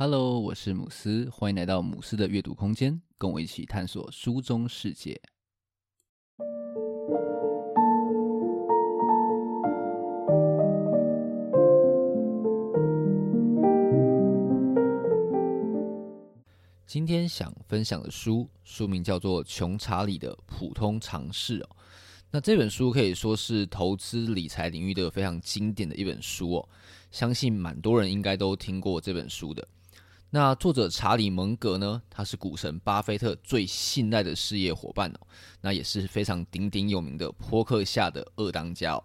Hello，我是姆斯，歡迎來到姆斯的閱讀空間，跟我一起探索書中世界。今天想分享的書，書名叫做《窮查理的普通常識》哦。那這本書可以說是投資理財領域的非常經典的一本書哦，相信蠻多人應該都聽過這本書的。那作者查理蒙格呢，他是股神巴菲特最信賴的事業夥伴哦，那也是非常鼎鼎有名的波克夏的二當家哦。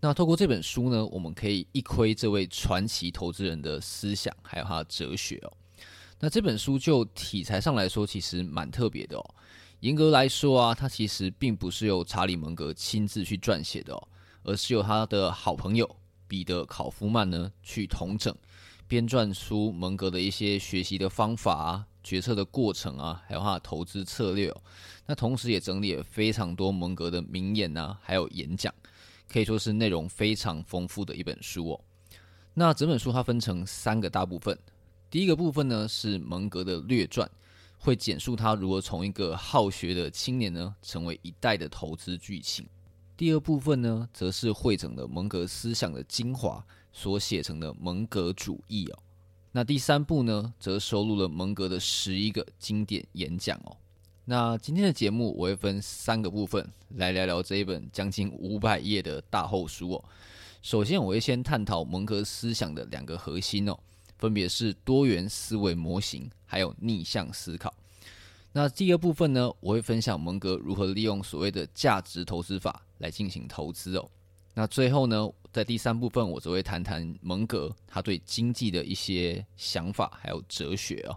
那透過這本書呢，我們可以一窺這位傳奇投資人的思想，還有他的哲學哦。那這本書就體裁上來說，其實蠻特別的哦。嚴格來說啊，他其實並不是由查理蒙格親自去撰寫的哦，而是由他的好朋友彼得考夫曼呢去統整，編撰出蒙格的一些學習的方法啊、決策的過程啊，還有他的投資策略喔。那同時也整理了非常多蒙格的名言啊，還有演講，可以說是內容非常豐富的一本書哦喔。那整本書它分成三個大部分，第一個部分呢是蒙格的略傳，會簡述他如何從一個好學的青年呢，成為一代的投資巨擘。第二部分呢，則是匯整了蒙格思想的精華。所寫成的《蒙格主義》哦，那第三部呢，則收錄了蒙格的十一個經典演講哦。那今天的節目，我會分三個部分來聊聊這一本將近五百頁的大厚書哦。首先，我會先探討蒙格思想的兩個核心哦，分別是多元思維模型還有逆向思考。那第二部分呢，我會分享蒙格如何利用所謂的價值投資法來進行投資哦。那最後呢，在第三部分，我就會談談蒙格他對經濟的一些想法，還有哲學哦。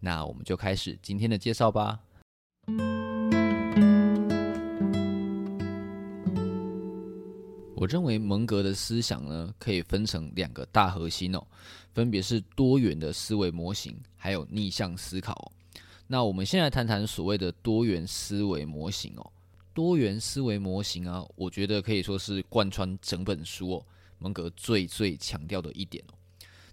那我們就開始今天的介紹吧。我認為蒙格的思想呢，可以分成兩個大核心哦，分別是多元的思維模型，還有逆向思考。那我們先來談談所謂的多元思維模型哦。多元思維模型啊，我覺得可以說是貫穿整本書哦。蒙格最最強調的一點哦，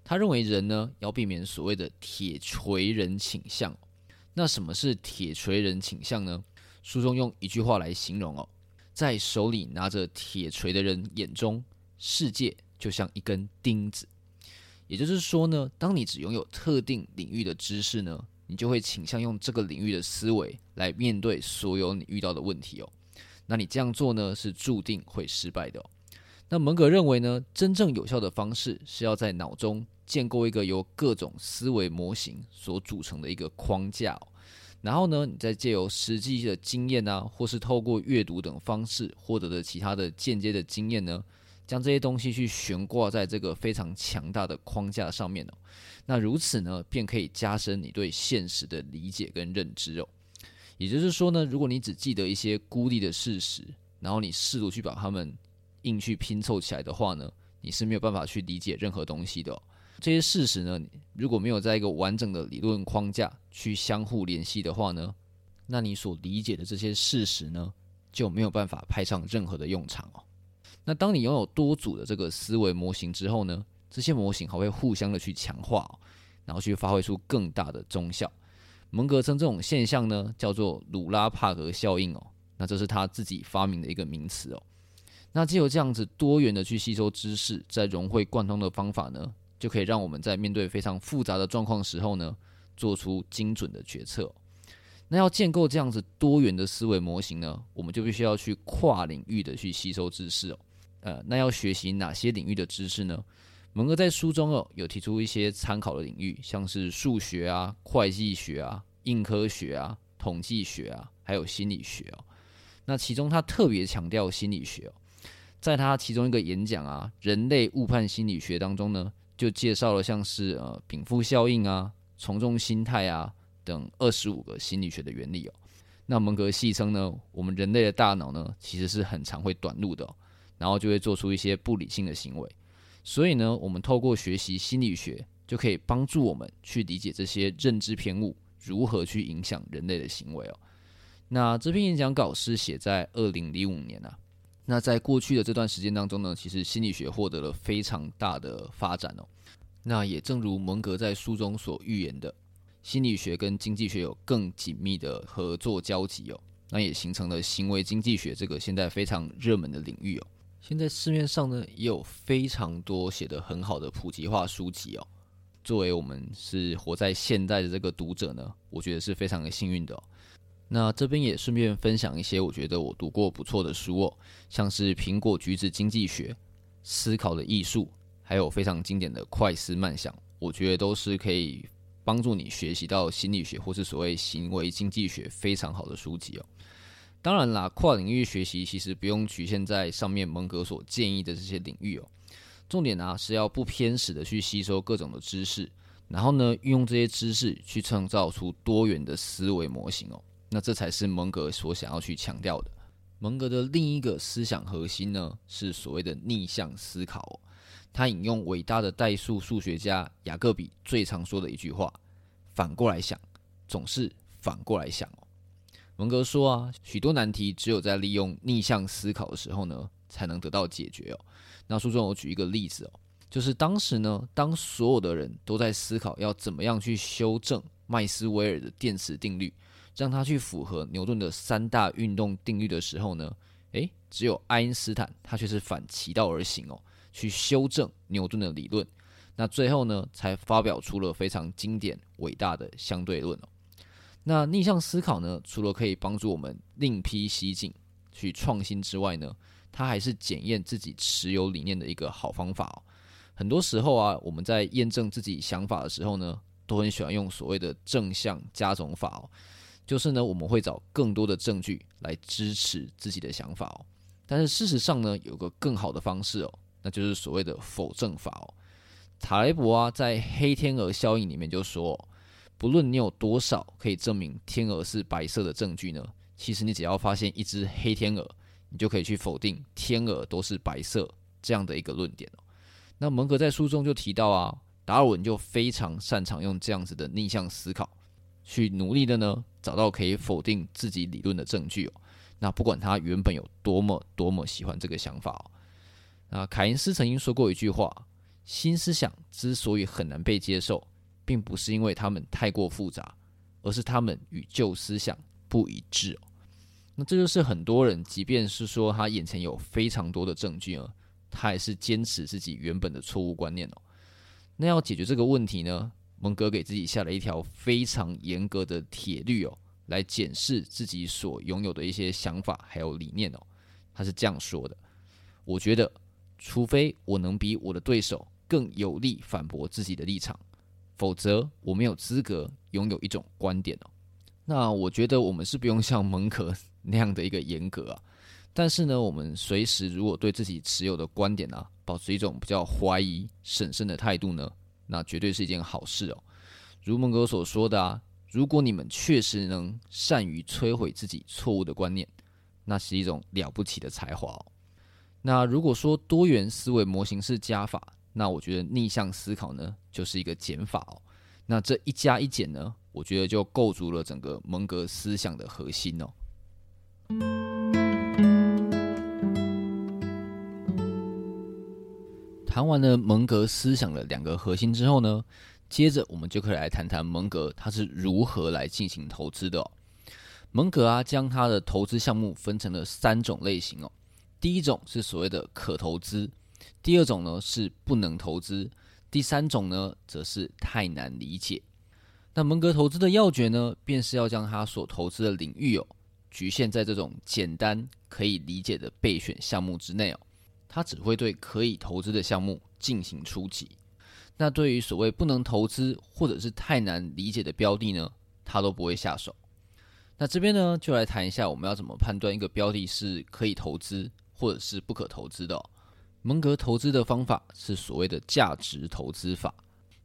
他認為人呢要避免所謂的鐵錘人傾向。那什麼是鐵錘人傾向呢？書中用一句話來形容哦，在手裡拿着鐵錘的人眼中，世界就像一根釘子。也就是說呢，當你只擁有特定領域的知識呢。你就會傾向用這個領域的思維來面對所有你遇到的問題哦。那你這樣做呢，是注定會失敗的哦。那蒙格認為呢，真正有效的方式是要在腦中建構一個由各種思維模型所組成的一個框架哦。然後呢，你再借由實際的經驗啊，或是透過閱讀等方式獲得的其他的間接的經驗呢。將這些東西去懸掛在這個非常強大的框架上面哦，那如此呢，便可以加深你對現實的理解跟認知哦。也就是說呢，如果你只記得一些孤立的事實，然後你試圖去把它們硬去拼湊起來的話呢，你是沒有辦法去理解任何東西的哦。這些事實呢，如果沒有在一個完整的理論框架去相互聯繫的話呢，那你所理解的這些事實呢，就沒有辦法派上任何的用場哦。那當你擁有多組的這個思維模型之後呢，這些模型還會互相的去強化，哦，然後去發揮出更大的綜效。蒙格稱這種現象呢叫做魯拉帕格效應哦，那這是他自己發明的一個名詞哦。那藉由這樣子多元的去吸收知識，再融會貫通的方法呢，就可以讓我們在面對非常複雜的狀況時候呢，做出精準的決策，哦。那要建構這樣子多元的思維模型呢，我們就必須要去跨領域的去吸收知識哦。呃，那要學習哪些領域的知識呢？蒙格在書中哦，有提出一些參考的領域，像是數學啊、會計學啊、硬科學啊、統計學啊，還有心理學哦。那其中他特別強調心理學哦，在他其中一個演講啊，《人類誤判心理學》當中呢，就介紹了像是呃稟賦效應啊、從眾心態啊等二十五個心理學的原理哦。那蒙格戲稱呢，我們人類的大腦呢，其實是很常會短路的哦。然後就會做出一些不理性的行為，所以呢，我們透過學習心理學，就可以幫助我們去理解這些認知偏誤如何去影響人類的行為哦。那這篇演講稿是寫在二零零五年啊。那在過去的這段時間當中呢，其實心理學獲得了非常大的發展哦。那也正如蒙格在書中所預言的，心理學跟經濟學有更緊密的合作交集哦。那也形成了行為經濟學這個現在非常熱門的領域哦。現在市面上呢也有非常多寫得很好的普及化書籍哦，作為我們是活在現代的這個讀者呢，我覺得是非常的幸運的哦。那這邊也順便分享一些我覺得我讀過不錯的書哦，像是《蘋果橘子經濟學》、《思考的藝術》，還有非常經典的《快思慢想》，我覺得都是可以幫助你學習到心理學或是所謂行為經濟學非常好的書籍哦。當然啦，跨領域學習其實不用局限在上面蒙格所建議的這些領域哦。重點呢、啊、是要不偏食的去吸收各種的知識，然後呢運用這些知識去創造出多元的思維模型哦。那這才是蒙格所想要去強調的。蒙格的另一個思想核心呢是所謂的逆向思考、哦。他引用偉大的代數數學家雅各比最常說的一句話：反過來想，總是反過來想哦。蒙格說啊，許多難題只有在利用逆向思考的時候呢，才能得到解決哦。那書中我舉一個例子哦，就是當時呢，當所有的人都在思考要怎麼樣去修正麥斯威爾的電磁定律，讓它去符合牛頓的三大運動定律的時候呢，誒，只有愛因斯坦他卻是反其道而行哦，去修正牛頓的理論。那最後呢，才發表出了非常經典偉大的相對論哦。那逆向思考呢，除了可以幫助我們另闢蹊徑去創新之外呢，它還是檢驗自己持有理念的一個好方法哦。很多時候啊，我們在驗證自己想法的時候呢，都很喜歡用所謂的正向加總法哦，就是呢我們會找更多的證據來支持自己的想法哦。但是事實上呢，有個更好的方式哦，那就是所謂的否證法哦。塔雷伯啊在《黑天鵝效應》裡面就說哦，不論你有多少可以證明天鵝是白色的證據呢，其實你只要發現一只黑天鵝，你就可以去否定天鵝都是白色這樣的一個論點。那蒙格在書中就提到啊，達爾文就非常擅長用這樣子的逆向思考去努力的呢，找到可以否定自己理論的證據哦。那不管他原本有多麼多麼喜歡這個想法哦。那凱恩斯曾經說過一句話：新思想之所以很難被接受，並不是因為他們太過複雜，而是他們與舊思想不一致哦。那這就是很多人，即便是說他眼前有非常多的證據哦，他還是堅持自己原本的錯誤觀念哦。那要解決這個問題呢，蒙格給自己下了一條非常嚴格的鐵律哦，來檢視自己所擁有的一些想法還有理念哦。他是這樣說的：“我覺得，除非我能比我的對手更有力反駁自己的立場。”否則，我沒有資格擁有一種觀點哦。那我覺得我們是不用像蒙格那樣的一個嚴格啊。但是呢，我們隨時如果對自己持有的觀點啊，保持一種比較懷疑、審慎的態度呢，那絕對是一件好事哦。如蒙格所說的啊，如果你們確實能善於摧毀自己錯誤的觀念，那是一種了不起的才華哦。那如果說多元思維模型是加法。那我覺得逆向思考呢，就是一個減法哦。那這一加一減呢，我覺得就構築了整個蒙格思想的核心哦。談完了蒙格思想的兩個核心之後呢，接着我們就可以來談談蒙格他是如何來進行投資的哦。蒙格啊，將他的投資項目分成了三種類型哦。第一種是所謂的可投資。第二種呢是不能投資，第三種呢則是太難理解。那蒙格投資的要訣呢，便是要將他所投資的領域哦，局限在這種簡單可以理解的備選項目之內哦。他只會對可以投資的項目進行出擊。那對於所謂不能投資或者是太難理解的標的呢，他都不會下手。那這邊呢，就來談一下我們要怎麼判斷一個標的是可以投資或者是不可投資的哦。蒙格投資的方法是所謂的價值投資法，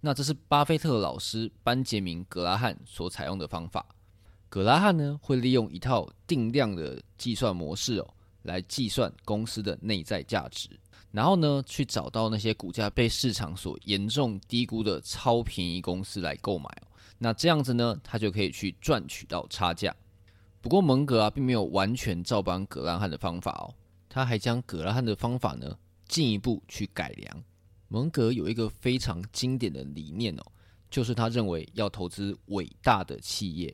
那這是巴菲特老師班傑明·格拉漢所採用的方法。格拉漢呢會利用一套定量的計算模式哦，來計算公司的內在價值，然後呢去找到那些股價被市場所嚴重低估的超便宜公司來購買哦。那這樣子呢，他就可以去賺取到差價。不過蒙格啊並沒有完全照搬格拉漢的方法哦，他還將格拉漢的方法呢，進一步去改良，蒙格有一個非常經典的理念哦，就是他認為要投資偉大的企業。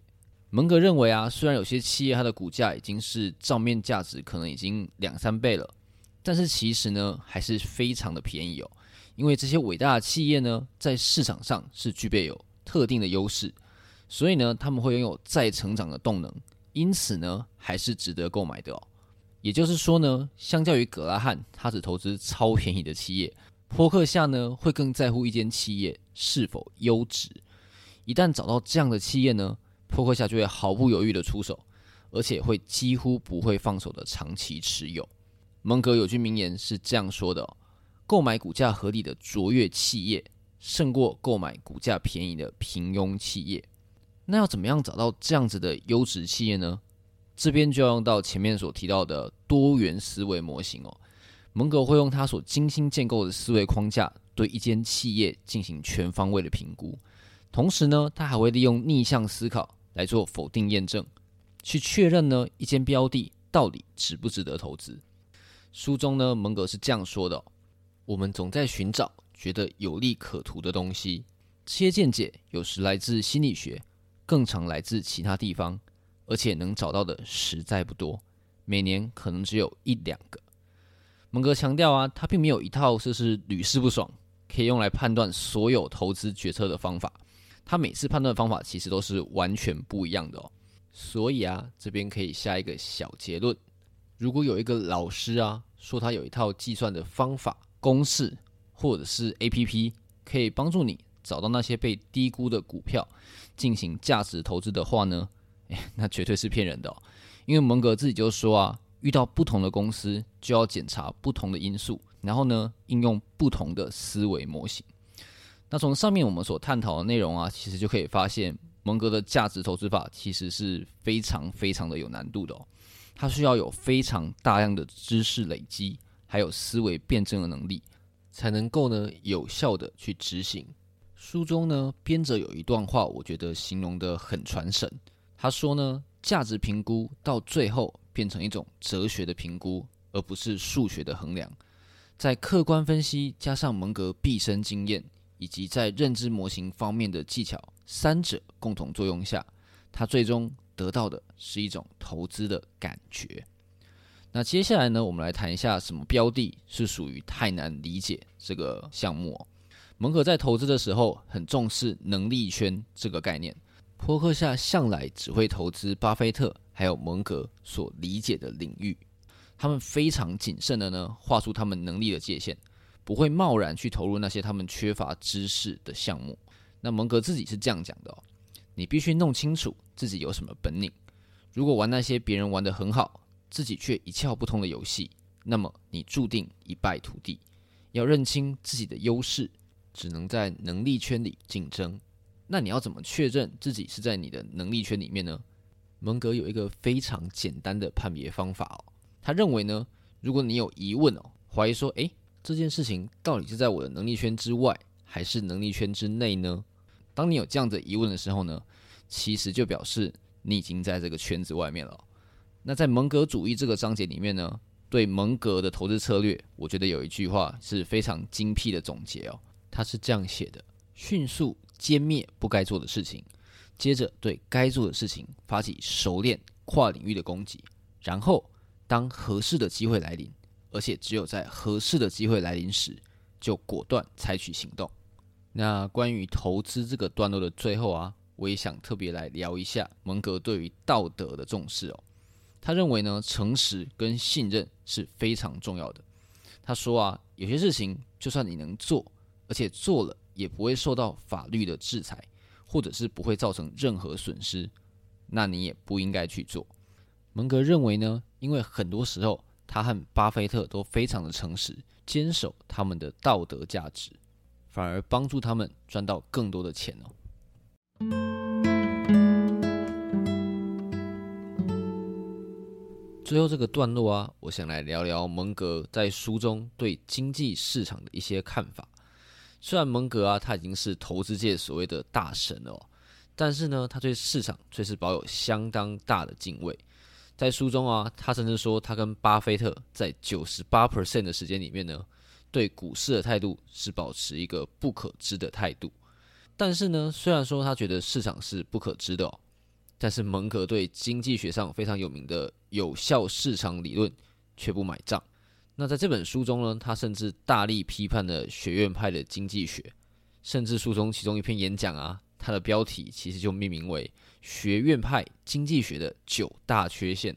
蒙格認為啊，雖然有些企業它的股價已經是賬面價值可能已經兩三倍了，但是其實呢還是非常的便宜哦，因為這些偉大的企業呢在市場上是具備有特定的優勢，所以呢他們會擁有再成長的動能，因此呢還是值得購買的哦。也就是說呢，相較於葛拉漢，他只投資超便宜的企業；波克夏呢，會更在乎一間企業是否優質。一旦找到這樣的企業呢，波克夏就會毫不猶豫的出手，而且會幾乎不會放手的長期持有。蒙格有句名言是這樣說的哦：購買股價合理的卓越企業，勝過購買股價便宜的平庸企業。那要怎麼樣找到這樣子的優質企業呢？這邊就要用到前面所提到的多元思維模型哦。蒙格會用他所精心建構的思維框架，對一間企業進行全方位的評估，同時呢，他還會利用逆向思考來做否定驗證，去確認呢一間標的到底值不值得投資。書中呢，蒙格是這樣說的哦：我們總在尋找覺得有利可圖的東西，這些見解有時來自心理學，更常來自其他地方。而且能找到的實在不多，每年可能只有一兩個。蒙格強調啊，他並沒有一套就是屢試不爽，可以用來判斷所有投資決策的方法。他每次判斷的方法其實都是完全不一樣的哦。所以啊，這邊可以下一個小結論：如果有一個老師啊，說他有一套計算的方法、公式或者是 APP，可以幫助你找到那些被低估的股票，進行價值投資的話呢？欸，那絕對是騙人的哦，因為蒙格自己就說啊，遇到不同的公司就要檢查不同的因素，然後呢，應用不同的思維模型。那從上面我們所探討的內容啊，其實就可以發現，蒙格的價值投資法其實是非常非常的有難度的哦，它需要有非常大量的知識累積，還有思維辯證的能力，才能夠呢有效地去執行。書中呢，編者有一段話，我覺得形容得很傳神。他說呢，價值評估到最後變成一種哲學的評估，而不是數學的衡量。在客觀分析加上蒙格畢生經驗，以及在認知模型方面的技巧，三者共同作用下，他最終得到的是一種投資的感覺。那接下來呢，我們來談一下什麼標的是屬於太難理解這個項目。蒙格在投資的時候，很重視能力圈這個概念。波克夏向來只會投資巴菲特還有蒙格所理解的領域，他們非常謹慎的呢，畫出他們能力的界限，不會貿然去投入那些他們缺乏知識的項目。那蒙格自己是這樣講的哦，你必須弄清楚自己有什麼本領，如果玩那些別人玩得很好，自己卻一竅不通的遊戲，那麼你注定一敗塗地。要認清自己的優勢，只能在能力圈裡競爭。那你要怎麼確認自己是在你的能力圈裡面呢？蒙格有一個非常簡單的判別方法哦。他認為呢，如果你有疑問哦，懷疑說，誒，這件事情到底是在我的能力圈之外還是能力圈之內呢？當你有這樣的疑問的時候呢，其實就表示你已經在這個圈子外面了哦。那在蒙格主義這個章節裡面呢，對蒙格的投資策略，我覺得有一句話是非常精闢的總結哦。他是這樣寫的：迅速。殲滅不該做的事情，接着對該做的事情發起熟練跨領域的攻擊，然後當合適的機會來臨，而且只有在合適的機會來臨時，就果斷採取行動。那關於投資這個段落的最後啊，我也想特別來聊一下蒙格對於道德的重視哦。他認為呢，誠實跟信任是非常重要的。他說啊，有些事情就算你能做，而且做了。也不會受到法律的制裁，或者是不會造成任何損失，那你也不應該去做。蒙格認為呢，因為很多時候他和巴菲特都非常的誠實，堅守他們的道德價值，反而幫助他們賺到更多的錢哦。最後這個段落啊，我想來聊聊蒙格在書中對經濟市場的一些看法。雖然蒙格啊，他已經是投資界所謂的大神了哦，但是呢，他對市場卻是保有相當大的敬畏。在書中啊，他甚至說，他跟巴菲特在九十八 percent 的時間裡面呢，對股市的態度是保持一個不可知的態度。但是呢，雖然說他覺得市場是不可知的哦，但是蒙格對經濟學上非常有名的有效市場理論卻不買賬。那在這本書中呢，他甚至大力批判了學院派的經濟學，甚至書中其中一篇演講啊，他的標題其實就命名為《學院派經濟學的九大缺陷》。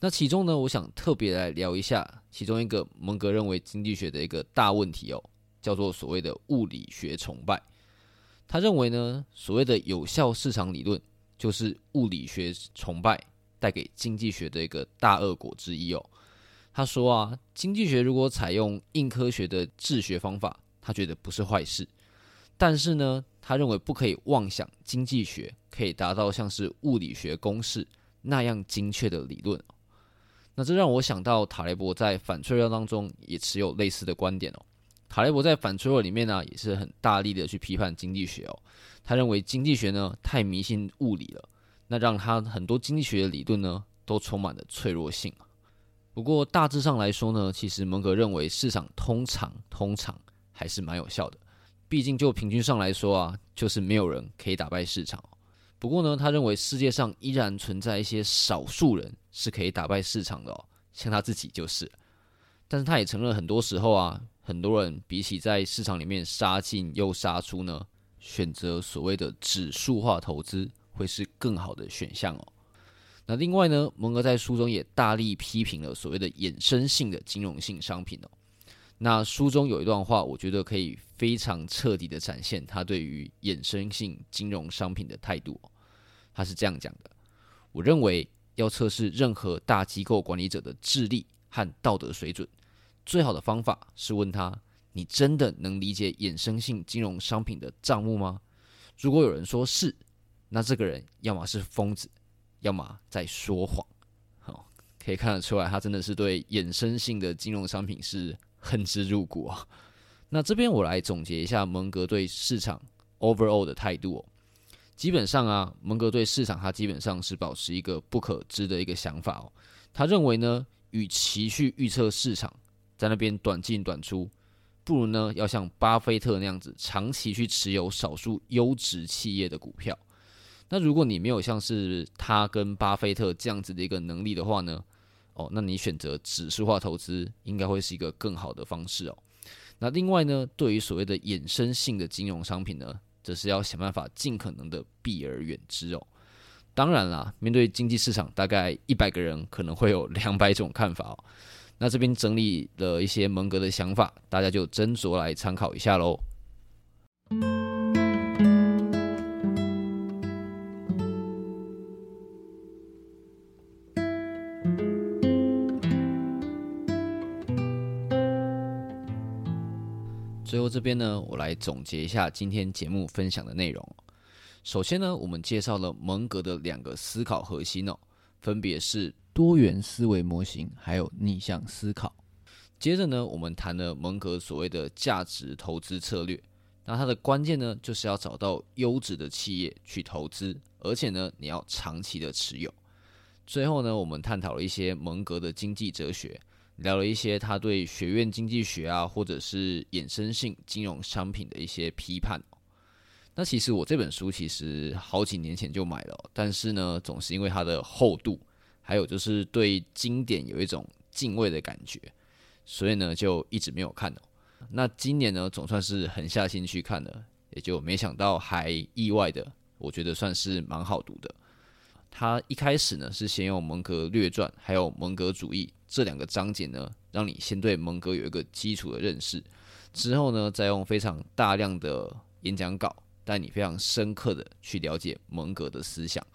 那其中呢，我想特別來聊一下其中一個蒙格認為經濟學的一個大問題哦，叫做所謂的物理學崇拜。他認為呢，所謂的有效市場理論就是物理學崇拜帶給經濟學的一個大惡果之一哦。他說啊，經濟學如果採用硬科學的治學方法，他覺得不是壞事。但是呢，他認為不可以妄想經濟學可以達到像是物理學公式那樣精確的理論。那這讓我想到塔雷伯在反脆弱當中也持有類似的觀點哦。塔雷伯在反脆弱裡面呢、啊，也是很大力的去批判經濟學哦。他認為經濟學呢太迷信物理了，那讓他很多經濟學的理論呢都充滿了脆弱性。不過大致上來說呢，其實蒙格認為市場通常通常還是蠻有效的，畢竟就平均上來說啊，就是沒有人可以打敗市場哦。不過呢，他認為世界上依然存在一些少數人是可以打敗市場的哦，像他自己就是。但是他也承認，很多時候啊，很多人比起在市場裡面殺進又殺出呢，選擇所謂的指數化投資會是更好的選項哦。那另外呢，蒙格在書中也大力批評了所謂的衍生性的金融性商品哦。那書中有一段話，我覺得可以非常徹底的展現他對於衍生性金融商品的態度哦。他是這樣講的：我認為要測試任何大機構管理者的智力和道德水準，最好的方法是問他：你真的能理解衍生性金融商品的賬目嗎？如果有人說是，那這個人要麼是瘋子。要麼在說謊。好，可以看得出來，他真的是對衍生性的金融商品是恨之入骨啊，哦。那這邊我來總結一下蒙格對市場 overall 的態度哦。基本上啊，蒙格對市場他基本上是保持一個不可知的一個想法哦。他認為呢，與其去預測市場在那邊短進短出，不如呢要像巴菲特那樣子長期去持有少數優質企業的股票。那如果你沒有像是他跟巴菲特這樣子的一個能力的話呢，哦，那你選擇指數化投資應該會是一個更好的方式哦。那另外呢，對於所謂的衍生性的金融商品呢，則是要想辦法盡可能的避而遠之哦。當然啦，面對經濟市場，大概一百個人可能會有兩百種看法哦。那這邊整理了一些蒙格的想法，大家就斟酌來參考一下嘍。最後這邊呢，我來總結一下今天節目分享的內容。首先呢，我們介紹了蒙格的兩個思考核心哦，分別是多元思維模型還有逆向思考。接着呢，我們談了蒙格所謂的價值投資策略，那它的關鍵呢，就是要找到優質的企業去投資，而且呢，你要長期的持有。最後呢，我們探討了一些蒙格的經濟哲學。聊了一些他對學院經濟學啊，或者是衍生性金融商品的一些批判哦。那其實我這本書其實好幾年前就買了，但是呢，總是因為它的厚度，還有就是對經典有一種敬畏的感覺，所以呢，就一直沒有看哦。那今年呢，總算是狠下心去看了，也就沒想到，還意外的，我覺得算是蠻好讀的。他一開始呢，是先用蒙格略傳，還有蒙格主義這兩個章節呢，讓你先對蒙格有一個基礎的認識。之後呢，再用非常大量的演講稿，帶你非常深刻的去了解蒙格的思想。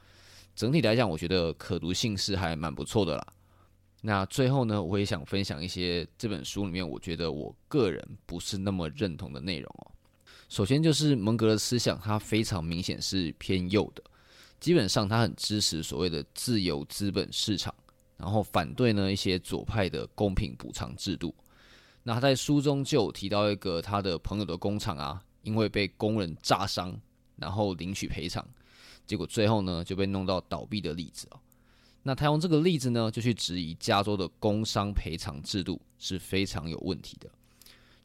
整體來講，我覺得可讀性是還蠻不錯的啦。那最後呢，我也想分享一些這本書裡面我覺得我個人不是那麼認同的內容哦。首先就是蒙格的思想，它非常明顯是偏右的。基本上，他很支持所謂的自由資本市場，然後反對呢一些左派的公平補償制度。那他在書中就提到一個他的朋友的工廠啊，因為被工人炸傷，然後領取賠償，結果最後呢就被弄到倒閉的例子喔。那他用這個例子呢，就去質疑加州的工傷賠償制度是非常有問題的。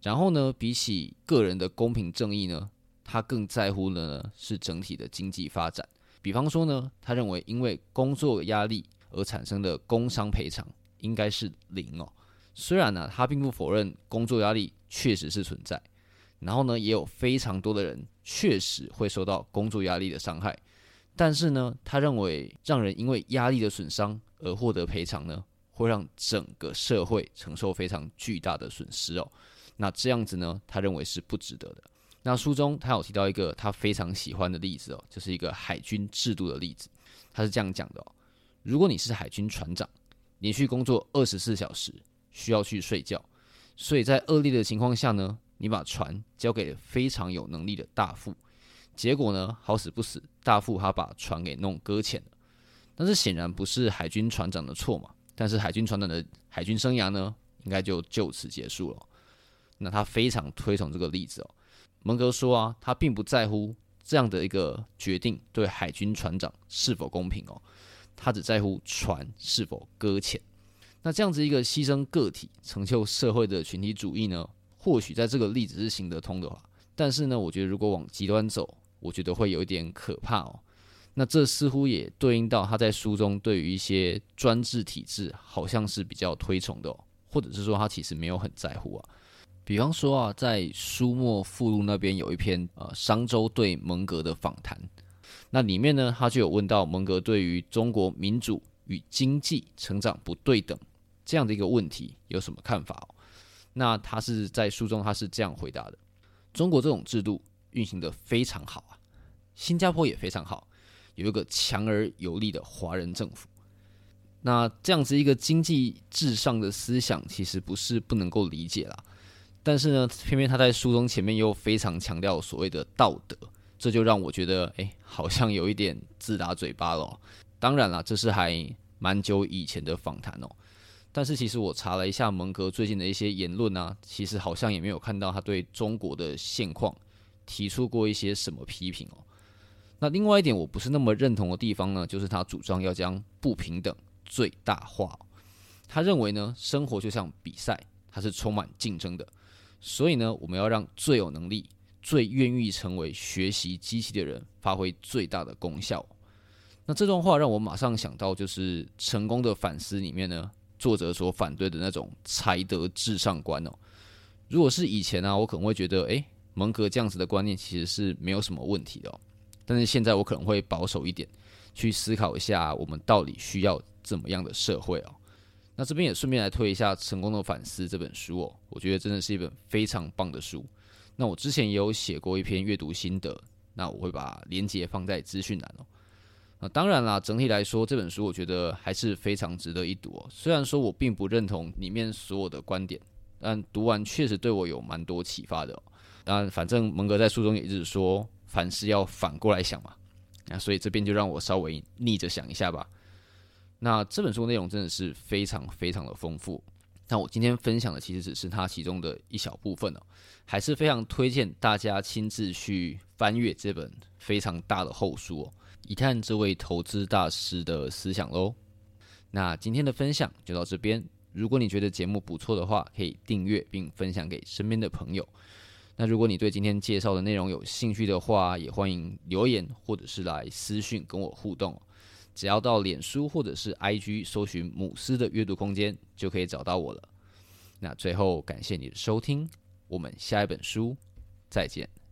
然後呢，比起個人的公平正義呢，他更在乎呢是整體的經濟發展。比方說呢，他認為因為工作壓力而產生的工傷賠償應該是零哦。雖然呢、啊，他並不否認工作壓力確實是存在，然後呢，也有非常多的人確實會受到工作壓力的傷害，但是呢，他認為讓人因為壓力的損傷而獲得賠償呢，會讓整個社會承受非常巨大的損失哦。那這樣子呢，他認為是不值得的。那書中他有提到一個他非常喜歡的例子哦，就是一個海軍制度的例子。他是這樣講的哦。如果你是海軍船長，連續工作二十四小時，需要去睡覺，所以在惡劣的情況下呢，你把船交給了非常有能力的大副。結果呢，好死不死，大副他把船給弄擱淺了。但是顯然不是海軍船長的錯嘛，但是海軍船長的海軍生涯呢，應該就就此結束了哦。那他非常推崇這個例子哦。蒙格說啊，他並不在乎這樣的一個決定對海軍船長是否公平哦，他只在乎船是否擱淺。那這樣子一個犧牲個體成就社會的群體主義呢，或許在這個例子是行得通的話，但是呢，我覺得如果往極端走，我覺得會有一點可怕哦。那這似乎也對應到他在書中對於一些專制體制好像是比較推崇的哦，或者是說他其實沒有很在乎啊。比方說啊，在書末附錄那邊有一篇呃商周，對蒙格的訪談，那裡面呢，他就有問到蒙格對於中國民主與經濟成長不對等這樣的一個問題有什麼看法哦？那他是在書中他是這樣回答的：中國這種制度運行得非常好啊，新加坡也非常好，有一個強而有力的華人政府。那這樣子一個經濟至上的思想，其實不是不能夠理解啦。但是呢，偏偏他在書中前面又非常強調所謂的道德，這就讓我覺得，哎、欸，好像有一點自打嘴巴了哦。當然了，這是還蠻久以前的訪談哦。但是其實我查了一下蒙格最近的一些言論啊，其實好像也沒有看到他對中國的現況提出過一些什麼批評哦。那另外一點我不是那麼認同的地方呢，就是他主張要將不平等最大化哦。他認為呢，生活就像比賽，它是充滿競爭的。所以呢，我們要讓最有能力、最願意成為學習機器的人發揮最大的功效、哦。那這段話讓我馬上想到，就是成功的反思裡面呢，作者所反對的那種才德至上觀哦。如果是以前呢、啊，我可能會覺得，哎、欸，蒙格這樣子的觀念其實是沒有什麼問題的、哦。但是現在我可能會保守一點，去思考一下我們到底需要怎麼樣的社會啊、哦。那這邊也順便來推一下《成功的反思》這本書喔，我覺得真的是一本非常棒的書。那我之前也有寫過一篇閱讀心得，那我會把連結放在資訊欄哦。那當然啦，整體來說，這本書我覺得還是非常值得一讀喔。雖然說我並不認同裡面所有的觀點，但讀完確實對我有蠻多啟發的。當然，反正蒙格在書中也一直說，凡事要反過來想嘛。那所以這邊就讓我稍微逆着想一下吧。那這本書內容真的是非常非常的豐富，那我今天分享的其實只是它其中的一小部分哦，還是非常推薦大家親自去翻閱這本非常大的厚書哦，一看這位投資大師的思想嘍。那今天的分享就到這邊，如果你覺得節目不錯的話，可以訂閱並分享給身邊的朋友。那如果你對今天介紹的內容有興趣的話，也歡迎留言或者是來私訊跟我互動。只要到臉書或者是 IG 搜尋“姆斯的閱讀空間”，就可以找到我了。那最後感謝你的收聽，我們下一本書再見。